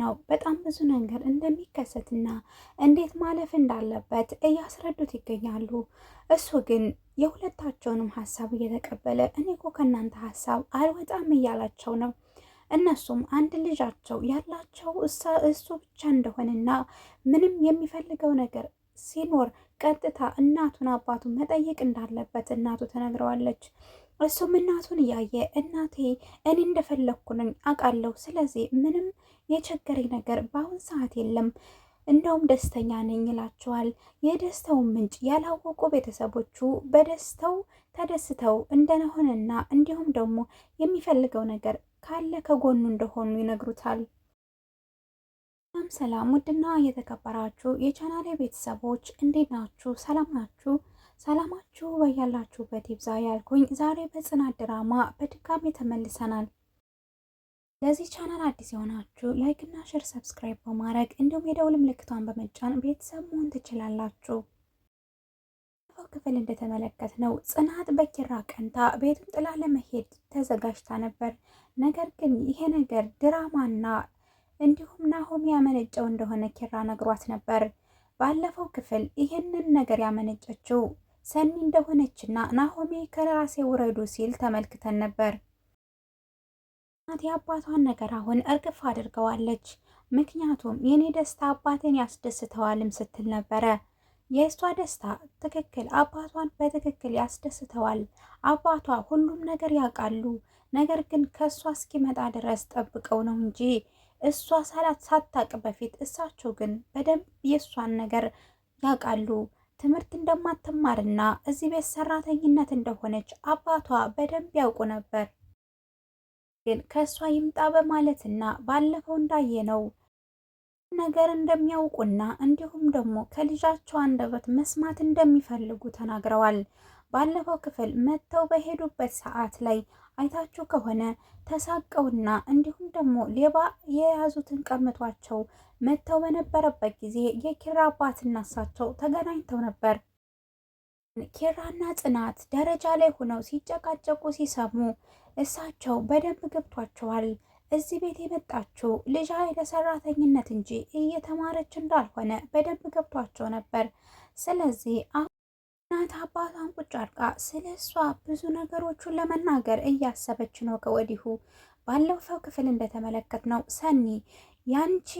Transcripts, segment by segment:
ነው በጣም ብዙ ነገር እንደሚከሰትና እንዴት ማለፍ እንዳለበት እያስረዱት ይገኛሉ። እሱ ግን የሁለታቸውንም ሀሳብ እየተቀበለ እኔ እኮ ከእናንተ ሀሳብ አልወጣም እያላቸው ነው። እነሱም አንድ ልጃቸው ያላቸው እሱ ብቻ እንደሆነና ምንም የሚፈልገው ነገር ሲኖር ቀጥታ እናቱን አባቱን መጠየቅ እንዳለበት እናቱ ተነግረዋለች። እሱም እናቱን እያየ እናቴ እኔ እንደፈለግኩ ነኝ አውቃለሁ፣ ስለዚህ ምንም የቸገረኝ ነገር በአሁን ሰዓት የለም እንደውም ደስተኛ ነኝ ይላቸዋል። የደስታውን ምንጭ ያላወቁ ቤተሰቦቹ በደስታው ተደስተው እንደሆነና እንዲሁም ደግሞ የሚፈልገው ነገር ካለ ከጎኑ እንደሆኑ ይነግሩታል። ሰላም ሰላም! ውድና የተከበራችሁ የቻናሌ ቤተሰቦች እንዴት ናችሁ? ሰላም ናችሁ? ሰላማችሁ በያላችሁበት ይብዛ ያልኩኝ ዛሬ በጽናት ድራማ በድጋሚ ተመልሰናል። ለዚህ ቻናል አዲስ የሆናችሁ ላይክ እና ሼር ሰብስክራይብ በማድረግ እንዲሁም የደውል ምልክቷን በመጫን ቤተሰብ መሆን ትችላላችሁ። ክፍል እንደተመለከት ነው ጽናት በኪራ ቀንታ ቤቱን ጥላ ለመሄድ ተዘጋጅታ ነበር። ነገር ግን ይሄ ነገር ድራማና እንዲሁም ናሆም ያመነጨው እንደሆነ ኪራ ነግሯት ነበር። ባለፈው ክፍል ይህንን ነገር ያመነጨችው ሰኒ እንደሆነችና ናሆሜ ከራሴ ውረዱ ሲል ተመልክተን ነበር። እናት አባቷን ነገር አሁን እርግፍ አድርገዋለች። ምክንያቱም የኔ ደስታ አባቴን ያስደስተዋልም ስትል ነበረ። የእሷ ደስታ ትክክል አባቷን በትክክል ያስደስተዋል። አባቷ ሁሉም ነገር ያውቃሉ። ነገር ግን ከእሷ እስኪመጣ ድረስ ጠብቀው ነው እንጂ እሷ ሳላት ሳታቅ በፊት እሳቸው ግን በደንብ የእሷን ነገር ያውቃሉ። ትምህርት እንደማትማርና እዚህ ቤት ሰራተኝነት እንደሆነች አባቷ በደንብ ያውቁ ነበር። ግን ከእሷ ይምጣ በማለትና ባለፈው እንዳየነው ነገር እንደሚያውቁና እንዲሁም ደግሞ ከልጃቸው አንደበት መስማት እንደሚፈልጉ ተናግረዋል። ባለፈው ክፍል መጥተው በሄዱበት ሰዓት ላይ አይታችሁ ከሆነ ተሳቀውና እንዲሁም ደግሞ ሌባ የያዙትን ቀምቷቸው መጥተው በነበረበት ጊዜ የኪራ አባትና እሳቸው ተገናኝተው ነበር። ኪራና ጽናት ደረጃ ላይ ሆነው ሲጨቃጨቁ ሲሰሙ እሳቸው በደንብ ገብቷቸዋል። እዚህ ቤት የመጣችው ልጅ ለሰራተኝነት እንጂ እየተማረች እንዳልሆነ በደንብ ገብቷቸው ነበር። ስለዚህ እናት አባቷን ቁጭ አድርጋ ስለ እሷ ብዙ ነገሮቹን ለመናገር እያሰበች ነው። ከወዲሁ ባለፈው ክፍል ነው ሰኒ ያንቺ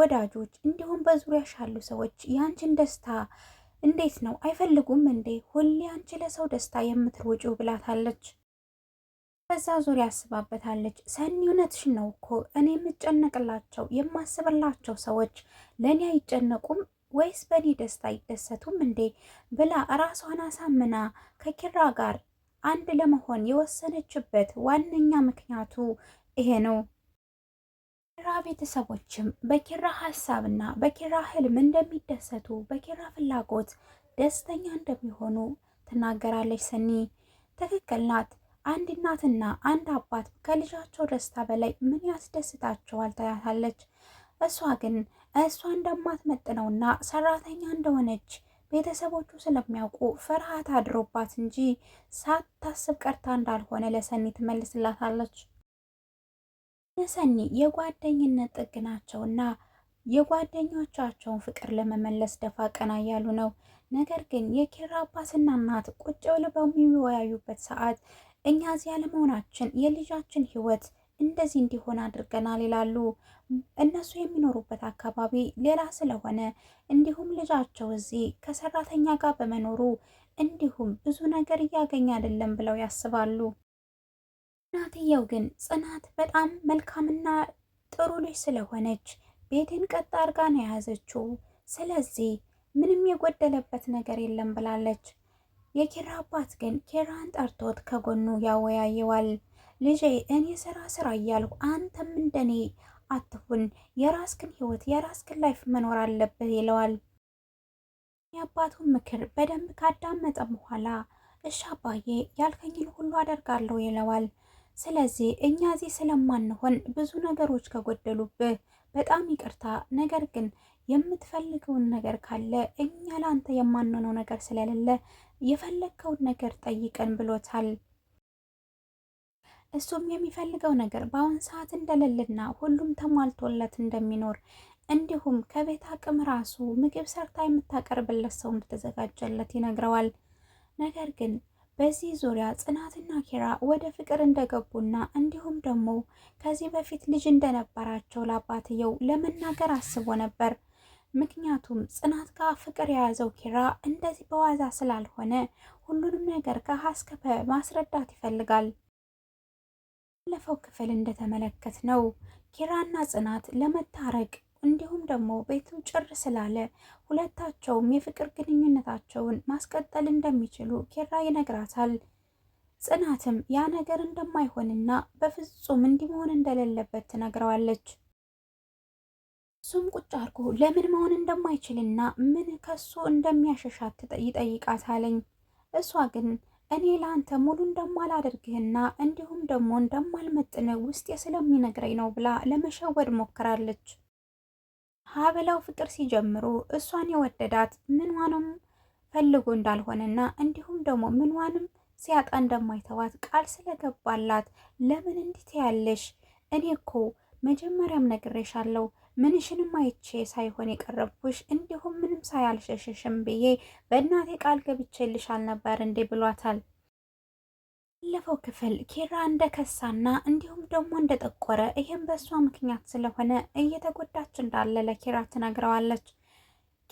ወዳጆች እንዲሁም በዙሪያሽ ያሉ ሰዎች ያንቺን ደስታ እንዴት ነው አይፈልጉም እንዴ? ሁሌ አንቺ ለሰው ደስታ የምትሮጪው ብላታለች። በዛ ዙሪያ አስባበታለች ሰኒ እውነትሽን ነው እኮ እኔ የምጨነቅላቸው የማስብላቸው ሰዎች ለእኔ አይጨነቁም ወይስ በእኔ ደስታ አይደሰቱም እንዴ ብላ ራሷን አሳምና ከኪራ ጋር አንድ ለመሆን የወሰነችበት ዋነኛ ምክንያቱ ይሄ ነው። ኪራ ቤተሰቦችም በኪራ ሀሳብና በኪራ ህልም እንደሚደሰቱ በኪራ ፍላጎት ደስተኛ እንደሚሆኑ ትናገራለች። ሰኒ ትክክል ናት። አንድ እናትና አንድ አባት ከልጃቸው ደስታ በላይ ምን ያስደስታቸዋል ታያታለች። እሷ ግን እሷ እንደማትመጥነውና ሰራተኛ እንደሆነች ቤተሰቦቹ ስለሚያውቁ ፍርሃት አድሮባት እንጂ ሳታስብ ቀርታ እንዳልሆነ ለሰኒ ትመልስላታለች። ለሰኒ የጓደኝነት ጥግ ናቸውና የጓደኞቻቸውን ፍቅር ለመመለስ ደፋ ቀና እያሉ ነው። ነገር ግን የኪራ አባትና እናት ቁጭ ብለው በሚወያዩበት ሰዓት እኛ እዚህ ለመሆናችን የልጃችን ህይወት እንደዚህ እንዲሆን አድርገናል ይላሉ። እነሱ የሚኖሩበት አካባቢ ሌላ ስለሆነ እንዲሁም ልጃቸው እዚህ ከሰራተኛ ጋር በመኖሩ እንዲሁም ብዙ ነገር እያገኘ አይደለም ብለው ያስባሉ። እናትየው ግን ጽናት በጣም መልካምና ጥሩ ልጅ ስለሆነች ቤትን ቀጥ አድርጋ ነው የያዘችው። ስለዚህ ምንም የጎደለበት ነገር የለም ብላለች። የኪራ አባት ግን ኪራን ጠርቶት ከጎኑ ያወያየዋል። ልጄ እኔ ስራ ስራ እያልሁ አንተም እንደኔ አትሁን፣ የራስክን ህይወት የራስክን ላይፍ መኖር አለብህ ይለዋል። የአባቱን ምክር በደንብ ካዳመጠ በኋላ እሺ አባዬ ያልከኝን ሁሉ አደርጋለሁ ይለዋል። ስለዚህ እኛ እዚህ ስለማንሆን ብዙ ነገሮች ከጎደሉብህ በጣም ይቅርታ፣ ነገር ግን የምትፈልገውን ነገር ካለ እኛ ለአንተ የማንሆነው ነገር ስለሌለ የፈለግከውን ነገር ጠይቀን ብሎታል። እሱም የሚፈልገው ነገር በአሁን ሰዓት እንደሌለና ሁሉም ተሟልቶለት እንደሚኖር እንዲሁም ከቤት አቅም ራሱ ምግብ ሰርታ የምታቀርብለት ሰው እንደተዘጋጀለት ይነግረዋል። ነገር ግን በዚህ ዙሪያ ጽናትና ኪራ ወደ ፍቅር እንደገቡና እንዲሁም ደግሞ ከዚህ በፊት ልጅ እንደነበራቸው ለአባትየው ለመናገር አስቦ ነበር። ምክንያቱም ጽናት ጋር ፍቅር የያዘው ኪራ እንደዚህ በዋዛ ስላልሆነ ሁሉንም ነገር ከሀስከፈ ማስረዳት ይፈልጋል። ባለፈው ክፍል እንደተመለከት ነው ኪራና ጽናት ለመታረቅ እንዲሁም ደግሞ ቤቱ ጭር ስላለ ሁለታቸውም የፍቅር ግንኙነታቸውን ማስቀጠል እንደሚችሉ ኪራ ይነግራታል። ጽናትም ያ ነገር እንደማይሆንና በፍጹም እንዲመሆን እንደሌለበት ትነግረዋለች። እሱም ቁጭ አድርጎ ለምን መሆን እንደማይችልና ምን ከሱ እንደሚያሸሻት ይጠይቃታለኝ። እሷ ግን እኔ ለአንተ ሙሉ እንደማላደርግህና እንዲሁም ደግሞ እንደማልመጥን ውስጤ ስለሚነግረኝ ነው ብላ ለመሸወድ ሞክራለች። ሀበላው ፍቅር ሲጀምሩ እሷን የወደዳት ምንዋንም ፈልጎ እንዳልሆነና እንዲሁም ደግሞ ምንዋንም ሲያጣ እንደማይተዋት ቃል ስለገባላት ለምን እንዲት ያለሽ እኔ እኮ መጀመሪያም ነግሬሻለሁ ምንሽንም አይቼ ሳይሆን የቀረብኩሽ እንዲሁም ምንም ሳያልሸሸሽም ብዬ በእናቴ ቃል ገብቼልሽ አልነበር እንዴ ብሏታል። ባለፈው ክፍል ኪራ እንደ ከሳና እንዲሁም ደግሞ እንደ ጠቆረ ይህም በእሷ ምክንያት ስለሆነ እየተጎዳች እንዳለ ለኪራ ትነግረዋለች።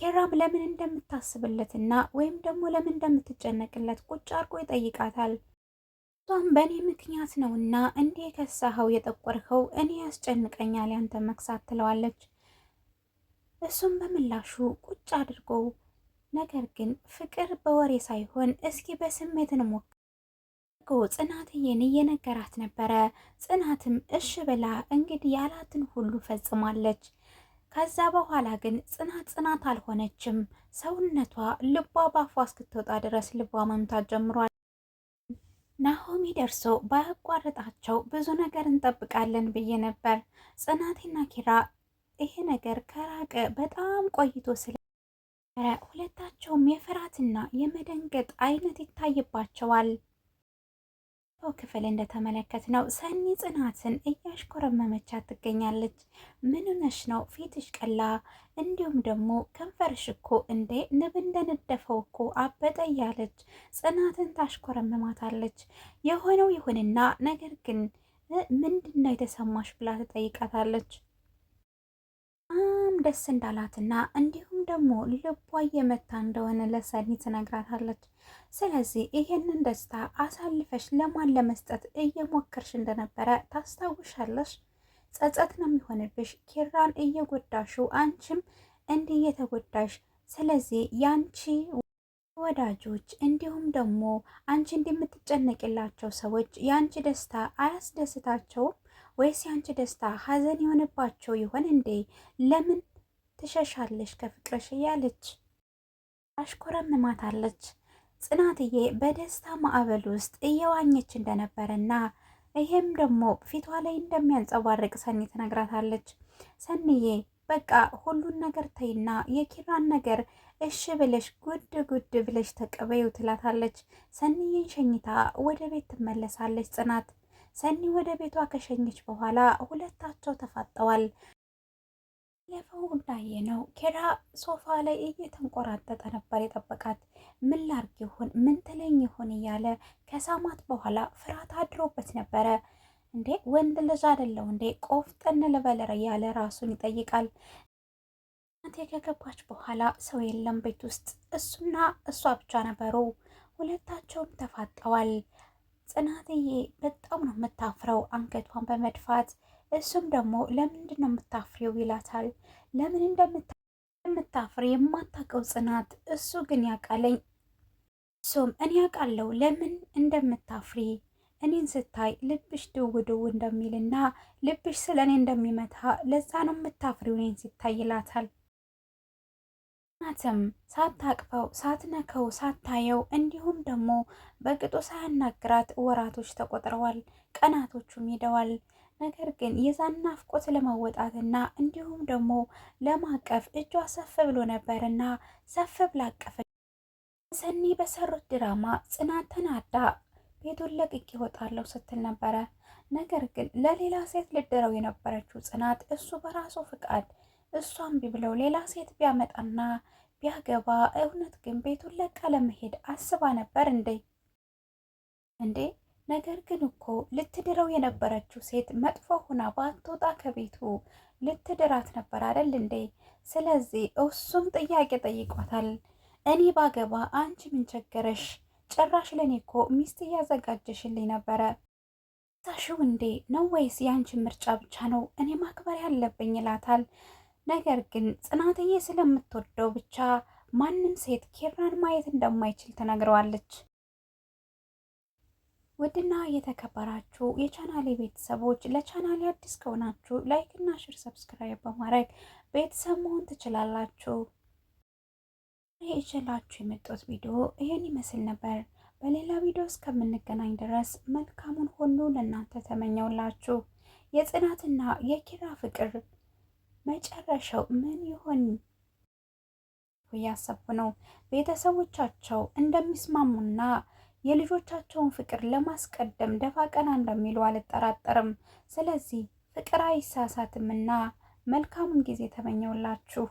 ኪራም ለምን እንደምታስብለትና ወይም ደግሞ ለምን እንደምትጨነቅለት ቁጭ አርቆ ይጠይቃታል። እሷም በእኔ ምክንያት ነው እና እንዴ የከሳኸው የጠቆርኸው እኔ ያስጨንቀኛል ያንተ መክሳት ትለዋለች። እሱም በምላሹ ቁጭ አድርጎ ነገር ግን ፍቅር በወሬ ሳይሆን እስኪ በስሜት እንሞክር ጽናትዬን እየነገራት ነበረ። ጽናትም እሽ ብላ እንግዲህ ያላትን ሁሉ ፈጽማለች። ከዛ በኋላ ግን ጽናት ጽናት አልሆነችም። ሰውነቷ ልቧ ባፏ እስክትወጣ ድረስ ልቧ መምታት ጀምሯል። ናሆሚ ደርሶ ባያቋርጣቸው ብዙ ነገር እንጠብቃለን ብዬ ነበር። ጽናቴና ኪራ ይሄ ነገር ከራቀ በጣም ቆይቶ ስለ ሁለታቸውም የፍርሃትና የመደንገጥ አይነት ይታይባቸዋል። ክፍል እንደተመለከት ነው ሰኒ ጽናትን እያሽኮረመመቻት ትገኛለች። ምን ሆነሽ ነው ፊትሽ ቀላ፣ እንዲሁም ደግሞ ከንፈርሽ እኮ እንዴ ንብ እንደነደፈው እኮ አበጠ እያለች ጽናትን ታሽኮረመማታለች። የሆነው ይሁንና ነገር ግን ምንድን ነው የተሰማሽ ብላ ትጠይቃታለች። በጣም ደስ እንዳላትና እንዲሁ ደግሞ ልቧ እየመታ እንደሆነ ለሰኒ ትነግራታለች። ስለዚህ ይሄንን ደስታ አሳልፈሽ ለማን ለመስጠት እየሞከርሽ እንደነበረ ታስታውሻለሽ። ጸጸት ነው የሚሆንብሽ። ኪራን እየጎዳሽው አንቺም እንዲህ እየተጎዳሽ ስለዚህ ያንቺ ወዳጆች እንዲሁም ደግሞ አንቺ እንደምትጨነቅላቸው ሰዎች የአንቺ ደስታ አያስደስታቸውም ወይስ የአንቺ ደስታ ሀዘን የሆነባቸው ይሆን እንዴ? ለምን ትሸሻለሽ ከፍቅርሽ እያለች አሽኮረምማታለች። ጽናትዬ በደስታ ማዕበል ውስጥ እየዋኘች እንደነበረና ይሄም ደግሞ ፊቷ ላይ እንደሚያንጸባርቅ ሰኒ ትነግራታለች። ሰኒዬ በቃ ሁሉን ነገር ተይና የኪራን ነገር እሽ ብለሽ ጉድ ጉድ ብለሽ ተቀበዩ ትላታለች። ሰኒዬን ሸኝታ ወደ ቤት ትመለሳለች ጽናት። ሰኒ ወደ ቤቷ ከሸኘች በኋላ ሁለታቸው ተፋጠዋል። ባለፈው ነው ኬራ ሶፋ ላይ እየተንቆራጠጠ ነበር የጠበቃት። ምን ላርግ ይሁን ምን ትለኝ ይሁን እያለ ከሳማት በኋላ ፍርሃት አድሮበት ነበረ። እንዴ ወንድ ልጅ አይደለው እንዴ ቆፍጠን ልበለር እያለ ራሱን ይጠይቃል። እናቴ ከገባች በኋላ ሰው የለም ቤት ውስጥ፣ እሱና እሷ ብቻ ነበሩ። ሁለታቸውም ተፋጠዋል። ጽናትዬ በጣም ነው የምታፍረው አንገቷን በመድፋት እሱም ደግሞ ለምንድን ነው የምታፍሬው ይላታል። ለምን እንደምታፍር የማታውቀው ጽናት እሱ ግን ያውቃለኝ። እሱም እኔ ያውቃለሁ ለምን እንደምታፍሪ እኔን ስታይ ልብሽ ድው ድው እንደሚልና ልብሽ ስለ እኔ እንደሚመታ ለዛ ነው የምታፍሪው እኔን ሲታይ ይላታል። እናትም ሳታቅፈው ሳትነከው ሳታየው እንዲሁም ደግሞ በቅጡ ሳያናግራት ወራቶች ተቆጥረዋል፣ ቀናቶቹም ሄደዋል። ነገር ግን የዛን ናፍቆት ለመወጣትና እንዲሁም ደግሞ ለማቀፍ እጇ ሰፍ ብሎ ነበርና ሰፍ ብላ ሰኒ በሰሩት ድራማ ጽናት ተናዳ ቤቱን ለቅቄ እወጣለሁ ስትል ነበረ። ነገር ግን ለሌላ ሴት ልድረው የነበረችው ጽናት እሱ በራሱ ፍቃድ እሷም ቢብለው ብለው ሌላ ሴት ቢያመጣና ቢያገባ እውነት ግን ቤቱን ለቃ ለመሄድ አስባ ነበር እንዴ? እንዴ ነገር ግን እኮ ልትድረው የነበረችው ሴት መጥፎ ሆና ባትወጣ ከቤቱ ልትድራት ነበር አደል እንዴ? ስለዚህ እሱም ጥያቄ ጠይቋታል። እኔ ባገባ አንቺ ምን ቸገረሽ? ጭራሽ ለእኔ እኮ ሚስት እያዘጋጀሽልኝ ነበረ ሳሽው እንዴ ነው ወይስ የአንቺ ምርጫ ብቻ ነው? እኔ ማክበር ያለብኝ ይላታል። ነገር ግን ጽናትዬ ስለምትወደው ብቻ ማንም ሴት ኬራን ማየት እንደማይችል ተናግረዋለች። ውድና የተከበራችሁ የቻናሌ ቤተሰቦች ለቻናሌ አዲስ ከሆናችሁ ላይክ እና ሽር ሰብስክራይብ በማድረግ ቤተሰብ መሆን ትችላላችሁ። ይችላችሁ የመጡት ቪዲዮ ይህን ይመስል ነበር። በሌላ ቪዲዮ እስከምንገናኝ ድረስ መልካሙን ሁሉ ለእናንተ ተመኘውላችሁ። የጽናትና የኪራ ፍቅር መጨረሻው ምን ይሆን እያሰቡ ነው። ቤተሰቦቻቸው እንደሚስማሙና የልጆቻቸውን ፍቅር ለማስቀደም ደፋ ቀና እንደሚሉ አልጠራጠርም። ስለዚህ ፍቅር አይሳሳትምና መልካሙን ጊዜ ተመኘውላችሁ።